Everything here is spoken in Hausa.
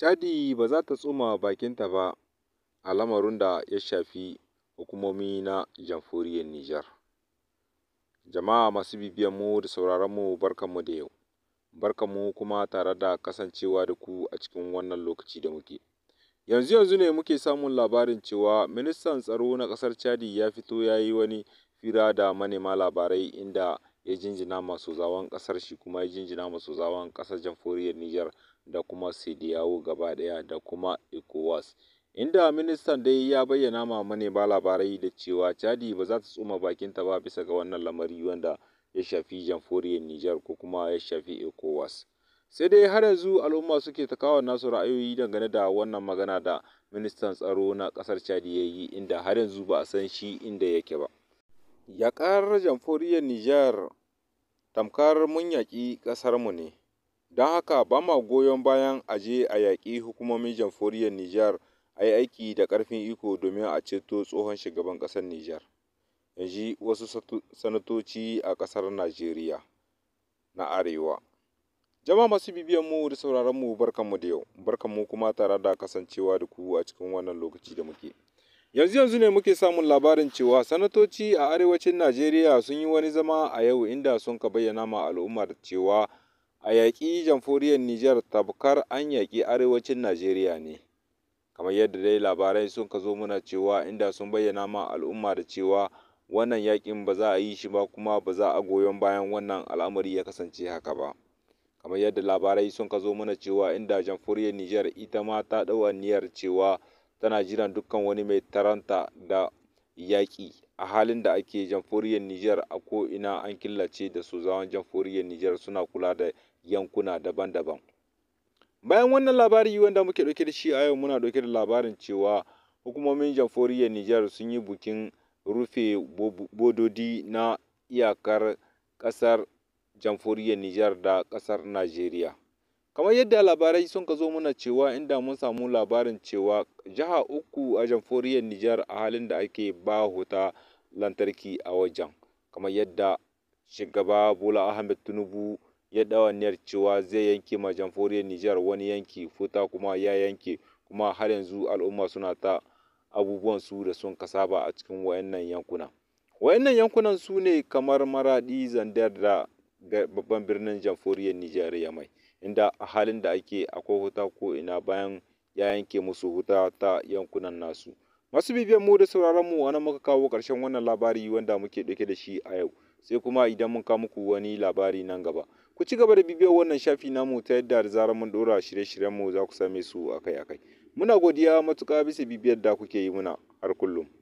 Chadi ba za ta tsoma bakinta ba a lamarin da ya shafi hukumomi na jamhuriyar Nijar. Jama'a masu mu da sauraronmu barkanmu da yau, barkanmu kuma tare da kasancewa da ku a cikin wannan lokaci da muke. Yanzu yanzu ne muke samun labarin cewa ministan tsaro na ƙasar Chadi ya fito ya yi wani fira da manema labarai inda ya jinjina masu zawon kasar shi kuma ya jinjina masu zawon kasar jamhuriyar Nijar da kuma Sidiyawo gaba daya da kuma ECOWAS. Inda ministan dai ya bayyana ma ba labarai da cewa Chadi ba za ta tsoma bakinta ba bisa ga wannan lamari wanda ya shafi jamhuriyar Nijar ko kuma ya shafi ECOWAS. sai dai har yanzu al'umma suke ta kawo nasu ra'ayoyi dangane da wannan magana da ministan tsaro na kasar chadi ya yi inda har yanzu ba a san shi inda yake ba yakar jamhuriyar niger tamkar mun yaƙi ƙasarmu ne don haka ba ma goyon bayan a je a yaƙi hukumomin jamhuriyar Nijar a yi aiki da ƙarfin iko domin a ceto tsohon shugaban ƙasar Nijar in wasu sanatoci a ƙasar Najeriya na Arewa. jama masu bibiyan mu da sauraron mu barkanmu da yau, barkanmu kuma tare da kasancewa da ku a cikin wannan lokaci da muke. Yanzu yanzu ne muke samun labarin cewa sanatoci a arewacin Najeriya sun yi wani zama a yau inda sun ka bayyana ma al'ummar cewa a yaƙi jamhuriyar Nijar tabkar an yaƙi arewacin Najeriya ne. Kamar yadda dai labarai sun ka zo muna cewa inda sun bayyana ma al'umma da cewa wannan yaƙin ba za a yi shi ba kuma ba za a goyon bayan wannan al'amari ya kasance haka ba. kamar yadda labarai sun ka zo mana cewa inda jamhuriyar Nijar ita ma ta ɗau aniyar cewa tana jiran dukkan wani mai taranta da yaƙi a halin da ake jamhuriyar Nijar a ko ina an killace da su sojawan jamhuriyar Nijar suna kula da yankuna daban-daban. Bayan wannan labari wanda muke ɗauke da shi a yau muna ɗauke da labarin cewa hukumomin jamhuriyar Nijar sun yi bukin rufe bododi na iyakar ƙasar jamhuriyar Nijar da ƙasar Najeriya. kamar yadda labarai sun ka zo muna cewa inda mun samu labarin cewa jiha uku a jamhuriyar Nijar a halin da ake ba huta lantarki a wajen kamar yadda shugaba Bola Ahmed Tinubu ya dawaniyar cewa zai yanke ma jamhuriyar Nijar wani yanki futa kuma ya yanke kuma har yanzu al'umma suna ta abubuwan su da sun kasaba a cikin wayannan yankuna wayannan yankunan su ne kamar Maradi Zandar da babban birnin jamhuriyar nijeriya mai inda a halin da ake akwai huta ko ina bayan ya yanke musu huta ta yankunan nasu. Masu bibiyar mu da sauraron mu wani muka kawo karshen wannan labari wanda muke ɗauke da shi a yau sai kuma idan mun kawo muku wani labari nan gaba. Ku ci gaba da bibiyar wannan shafi namu ta yadda da zarar mun ɗora shirye-shiryen mu za ku same su akai-akai. Muna godiya matuƙa bisa bibiyar da kuke yi muna har kullum.